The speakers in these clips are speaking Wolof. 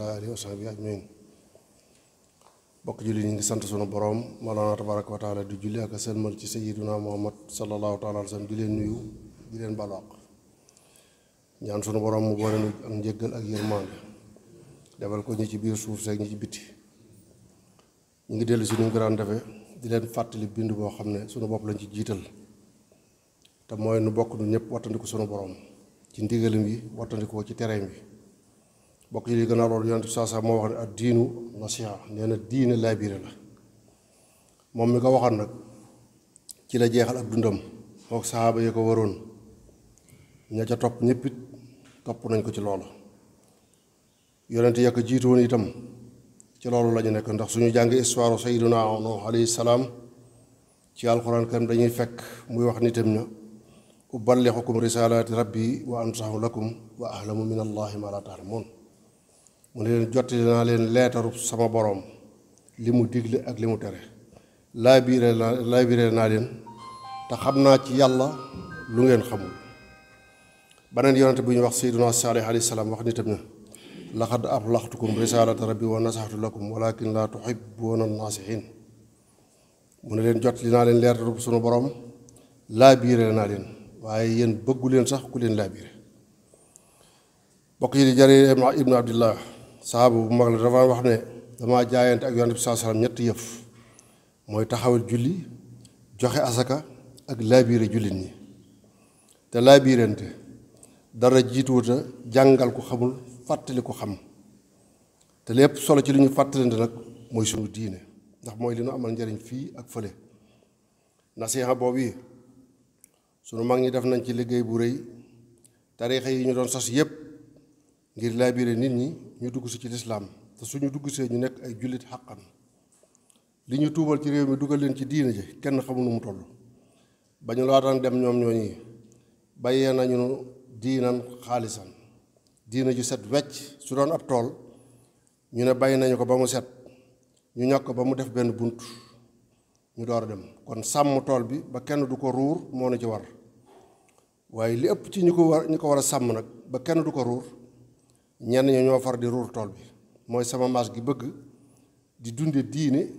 ala alihi wa bokk julli ñu ngi sant sunu boroom Mawlana tabaraka wa di julli ak sëlmal ci sayyiduna Muhammad sallallahu taala alayhi wa di leen nuyu di leen balwaq ñaan sunu boroom mu boole nu ak njëggal ak yërmande defal ko ñi ci biir suuf seeg ñi ci biti ñu ngi dellu si ñu di leen fàttali bind boo xam ne sunu bopp lañ ci jiital te mooy nu bokk nu ñëpp wattandiku sunu boroom ci ndigalam yi wattandikoo ci tereem bi bokk ci li gën a loolu yonent saa saa moo wax ne ak diinu nasiha nee na diine laabire la moom mi ko waxoon nag ci la jeexal ak dundam mook saxaaba yi ko waroon ña ca topp ñëpp it topp nañ ko ci loolu yonent ya ko jiitu itam ci loolu lañu nekk ndax suñu jàng histoire sayyiduna Nuux alayhi salaam ci alxuraan kam dañuy fekk muy wax nitam na uballighukum risalaati rabbi wa ansahu lakum wa ahlamu min allahi ma la taalamuun mu ne leen naa leen leetaru sama boroom li mu digle ak li mu tere laabire naa laabire naa leen te xam naa ci yàlla lu ngeen xamul beneen yonente bu ñu wax sayduna saalih wax nitam ne laqad aflaxtukum risalata rabbi wa nasaxtu lakum walakin laa mu ne leen jot li naa leen leertaru sunu borom laabiire naa leen waaye yéen bëggu leen sax ku leen laabiire bokk yi di jari ibnu abdillah saabu bu mag la dafa wax ne damaa jaayante ak yonent bi saa salaam ñetti yëf mooy taxawal julli joxe asaka ak laabiire jullit ñi te laabiirante dara jiituwuta jàngal ko xamul fàttali ko xam te lépp solo ci li ñu fàttalante nag mooy sunu diine ndax mooy li nu amal njariñ fii ak fële nasiha boobu yi sunu mag ñi def nañ ci liggéey bu rëy tariixa yi ñu doon sos yépp ngir laabire nit ñi ñu dugg si ci lislaam te suñu dugg see ñu nekk ay jullit xàqan li ñu tuubal ci réew mi dugal leen ci diina ji kenn xamu nu mu toll ba ñu laataan dem ñoom ñooñi bàyyee nañu diinan xaalisan diina ju set wecc su doon ab tool ñu ne bàyyi nañu ko ba mu set ñu ñàkk ko ba mu def benn bunt ñu door a dem kon sàmm tool bi ba kenn du ko ruur moo nu ci war waaye li ëpp ci ñu ko war ñu ko war a sàmm nag ba kenn du ko ruur ñenn ñoo ñoo far di ruur tool bi mooy sama maas gi bëgg di dunde diine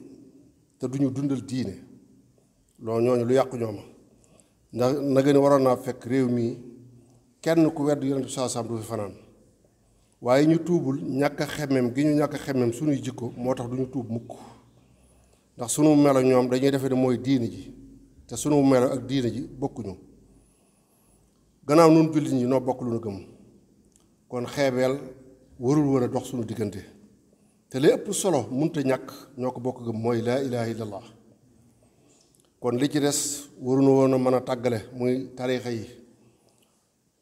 te duñu dundal diine loolu ñooñu lu yàqu ñooma ndax na waroon naa fekk réew mii kenn ku wedd yonent bi saa du fi fanaan waaye ñu tuubul ñàkk a gi ñu ñàkk a xemmeem suñuy jikko moo tax duñu tuub mukk ndax sunu melo ñoom dañuy defe ne mooy diine ji te sunu melo ak diine ji bokkuñu gannaaw nun jullit ñi noo bokk lu nu gëm kon xeebeel warul war a dox suñu diggante te li ëpp solo munta ñàkk ñoo ko bokk gëm mooy laa ilaha illallah kon li ci des waruñu woon a mën a tàggale muy tariixa yi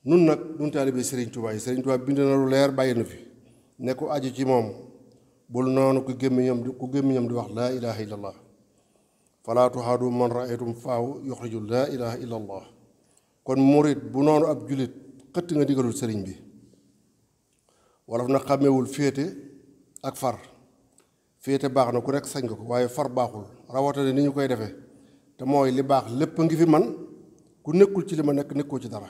nun nag nun taalibe Serigne Touba yi Serigne Touba bind na lu leer bàyyi na fi ne ku aju ci moom bul noonu ku gémmiñam ku gémmiñam di wax laa ilaha illallah falaa tuhaadu man raaytum faaw yuxriju laa ilaha illallah kon murit bu noonu ab julit xëtt nga digalul sëriñ bi wolof na xàmmewul féete ak far féete baax na ku nekk sañ nga ko waaye far baaxul rawatina ni ñu koy defee te mooy li baax lépp ngi fi man ku nekkul ci li ma nekk nekkoo ci dara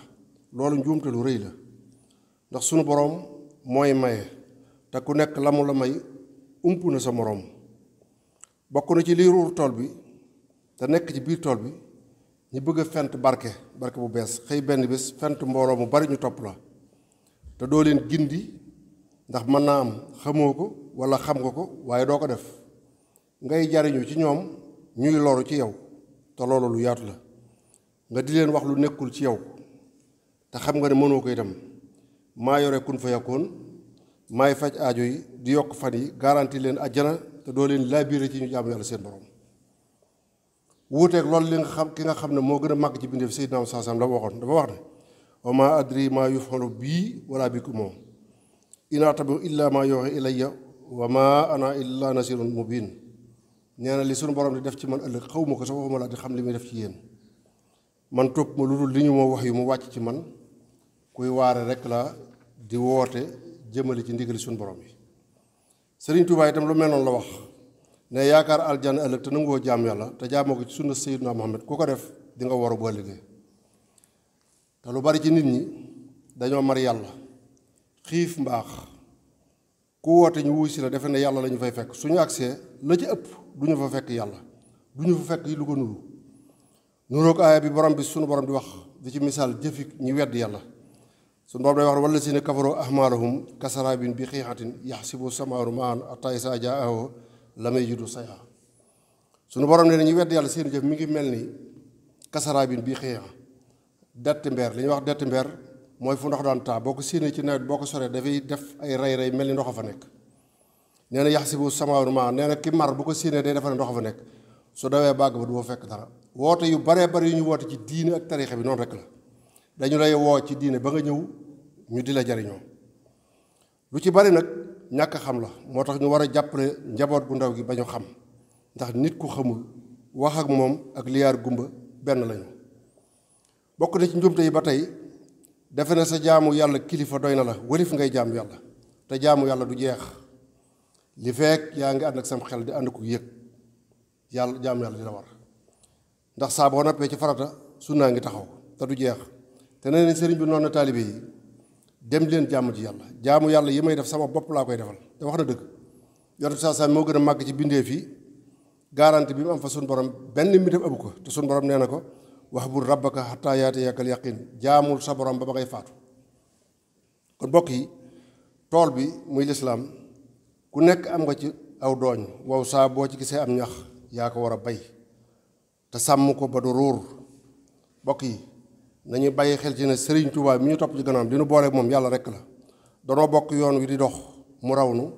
loolu njuumte lu rëy la ndax sunu boroom mooy maye te ku nekk la mu la may ump na sa moroom bokk na ci lii ruur tool bi te nekk ci biir tool bi ñu bëgg a fent barke barke bu bees xëy benn bés fent mbooloo mu bari ñu topp la te doo leen gindi ndax mën naa am xamoo ko wala xam nga ko waaye doo ko def ngay jariñu ci ñoom ñuy loru ci yow te loolu lu yaatu la nga di leen wax lu nekkul ci yow te xam nga ne mënoo ko itam maa yore kun fa yakkoon maay faj aajo yi di yokk fan yi garanti leen àjjana te doo leen laabiré ci ñu jaamu yàlla seen borom wuuteeg loolu li nga xam ki nga xam ne moo gën a màgg ci bindeef Seydina Muhammad sallallahu alayhi wasallam dafa waxoon dafa wax ne wa maa adri maa yufalu bii wala bikum inaata attabi'u illaa maa yuuhaa ilayya wa maa ana illaa nasiirun mubiin nee na li sunu borom di def ci man ëllëg xaw ma ko sax waxuma laa di xam li muy def ci yéen man topp ma lu dul li ñu ma wax yu mu wàcc ci man kuy waare rek la di woote jëmale ci ndigali sunu borom yi Sëriñ Tuubaa itam lu mel noonu la wax ne yaakaar aljanna ëllëg te nangoo jaam yàlla te jaamoo ko ci sunna Sayyidina Muhammad koo ko def di nga waru boo liggéey te lu bari ci nit ñi dañoo mar yàlla xiif mbaax ku woote ñu wuy si la defe na yàlla lañu fay fekk suñu agsee la ci ëpp du ñu fa fekk yàlla du ñu fa fekk yi lu ko nuru nuroog aaya bi borom bi suñu borom di wax di ci misaal jëfi ñi wedd yàlla suñu borom day wax ne wala si ne kafaroo bi xiixatin yaxsibu samaaru maan atay saa jaaho la may yudu saya suñu borom nee na ñu wedd yàlla seeni jëf mi ngi mel ni kasaraabin bi xiixa detti mbeer li ñuy wax detti mber mooy fu ndox daan taa boo ko séenee ci nawet boo ko soree dafay def ay rey rey mel ni ndox fa nekk nee na yax si bu samawar ma nee na ki mar bu ko séenee day defa ne ndox fa nekk su dawee bàgg ba du fa fekk dara woote yu baree bari yu ñu woote ci diine ak tariixa bi noonu rek la dañu lay woo ci diine ba nga ñëw ñu di la jariñoo lu ci bari nag ñàkk xam la moo tax ñu war a jàppale njaboot gu ndaw gi ba ñu xam ndax nit ku xamul wax ak moom ak liyaar gumba benn lañu bokk na yi ba tey defe na sa jaamu yàlla kilifa doy na la wërif ngay jaamu yàlla te jaamu yàlla du jeex li fekk yaa ngi ànd ak sam xel di ànd ko yëg yàlla jaamu yàlla di la war ndax saa boo noppee ci farata naa ngi taxaw te du jeex te nee sëriñ bi noon na taalibe yi dem leen jaamu ci yàlla jaamu yàlla yi may def sama bopp laa koy defal te wax na dëgg yonent saa saa moo gën a màgg ci bindee fii garanti bi mu am fa suñu borom benn mbindam abu ko te suñu borom nee na ko waxbud rabbaka xataa yaatiyaka al yaqin jaamul sa borom ba ba ngay faatu kon mbokk yi tool bi muy lislaam ku nekk am nga ci aw dooñ wow saa boo ci gisee am ñax yaa ko war a bay te sàmm ko ba du ruur mbokk yi nañu bàyyi xel ci ne Sëriñ Tuubaa mi ñu topp ci gannaaw li nu moom yàlla rekk la danoo bokk yoon wi di dox mu raw nu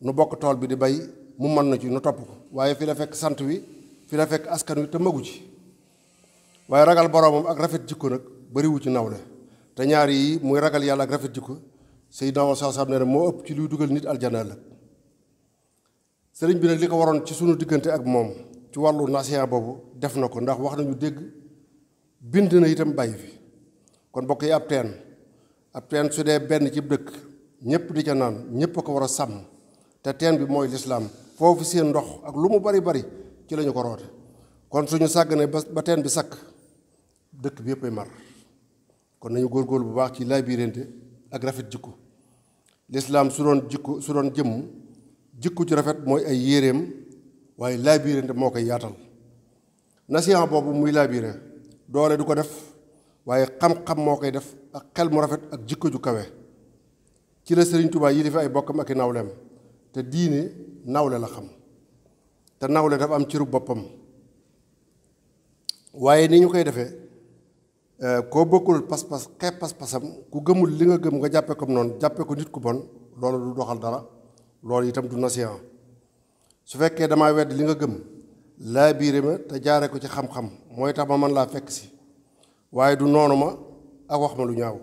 nu bokk tool bi di bay mu mën na ci nu topp ko waaye fi la fekk sant wi fi la fekk askan wi te magu ci waaye ragal boroomam ak rafet jikko nag bariwu ci nawle te ñaari yi muy ragal yàlla ak rafet jikko Seydina Muhammad sallallahu alayhi nee na moo ëpp ci luy dugal nit aljana la sëriñ bi nag li ko waroon ci sunu diggante ak moom ci wàllu nasiha boobu def na ko ndax wax nañu dégg bind na itam bàyyi fi kon bokk yi ab teen ab teen su dee benn ci dëkk ñëpp di ca naan ñëpp a ko war a sàmm te teen bi mooy lislaam foofu seen ndox ak lu mu bari bari ci lañu ko roote kon suñu sàgg ne ba bi sakk dëkk bi yëpp ay mar kon nañu góor góorgóorlu bu baax ci laabirante ak rafet jikko lislaam su doon jikko su doon jëmm jikko ci rafet mooy ay yéreem waaye laabirante moo koy yaatal nasiha boobu muy laabire doole du ko def waaye xam-xam moo koy def ak xel mu rafet ak jikko ju kawe ci la Sëriñ tubaay yi di fi ay bokkam ak i nawleem te diine nawle la xam te nawle dafa am cëru boppam waaye ni ñu koy defee Euh, koo bokkul pas-pas xeeb pas-pasam ku gëmul li nga gëm nga jàppe comme noonu jàppe ko nit ku bon loolu du doxal dara loolu itam du nasiha su fekkee damaa wedd li nga gëm laa biire ma te jaare ko ci xam-xam mooy tax ma man laa fekk si waaye du noonu ma ak wax ma lu ñaaw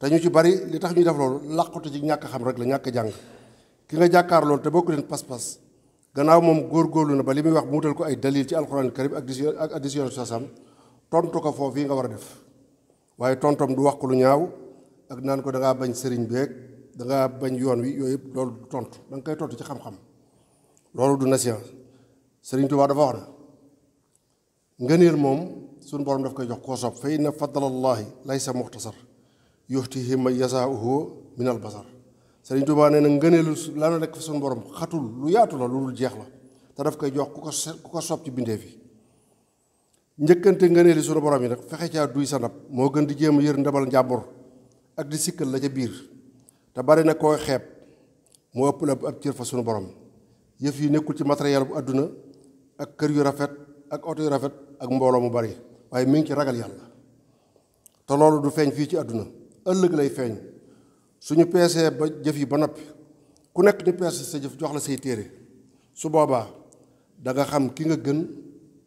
te ñu ci bari li tax ñuy def loolu làqatu ci ñàkk xam rek la ñàkk jàng ki nga jàkkaar loolu te bokku leen pas-pas gannaaw moom góor góorgóorlu na ba li muy wax mu wutal ko ay dalil ci alxuraan karim ak addition ak addition sasam tontu ko foofu yi nga war a def waaye tontom du wax ko lu ñaaw ak naan ko da bañ sëriñ beeg da bañ yoon wi yooyu yëpp loolu du tontu danga koy tontu ci xam-xam loolu du nasiha sëriñ Tuubaa dafa wax ne ngëneel moom suñu borom daf koy jox koo sob fa inna fadlallahi laysa muxtasar yuxtihi man yasaauhu min al basar sëriñ Tuubaa nee na ngëneelu laa nekk fa suñu borom xatul lu yaatu la lu dul jeex la te daf koy jox ku ko ku ci bindeef yi njëkkante nga ne li suñu borom yi nag fexe caa duy sa ndab moo gën di jéem a yër ndabal njàmbur ak di sikkal la ca biir te bari na koo xeeb moo ëpp la ab cër fa suñu borom yëf yi nekkul ci matériel bu àdduna ak kër yu rafet ak oto yu rafet ak mbooloo mu bari waaye mi ngi ci ragal yàlla te loolu du feeñ fii ci àdduna ëllëg lay feeñ suñu peesee ba jëf yi ba noppi ku nekk ni peese sa jëf jox la say téere su boobaa da nga xam ki nga gën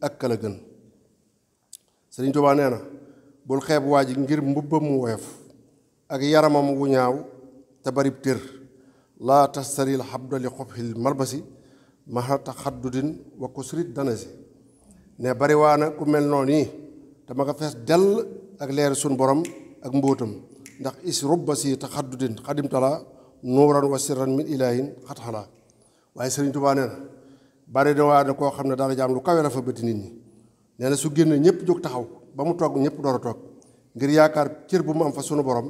ak kël la gën Sëriñ Tuubaa nee na bul xeeb waa ji ngir mbubbam mu woyof ak yaramam wu ñaaw te barib tër laa tastaril xabdali xobxil malbasi maxa taxaddudin wa kusrit dana si ne bariwaana ku mel noonu yi te ma nga fees dell ak leer sun borom ak mbóotam ndax is rubba si taxaddudin xadimtalaa nuuran wa sirran min ilaahin xat xalaa waaye Sëriñ Tuubaa nee na bari na waa ne koo xam ne dara jaam lu kawe la fa bëti nit ñi nee su génnee ñëpp jóg taxaw ba mu toog ñëpp door a toog ngir yaakaar cër bu mu am fa sunu borom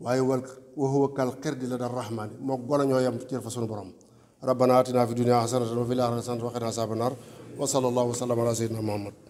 waaye wal wa huwa kal xirdi la dar rahmaani moo gone ñoo yam cër fa sunu borom rabbana atina fi dunia xasanatan wa fil axirati xasanatan wa qina azaban nar wa sallallahu wa sallam ala sayyidina muhammad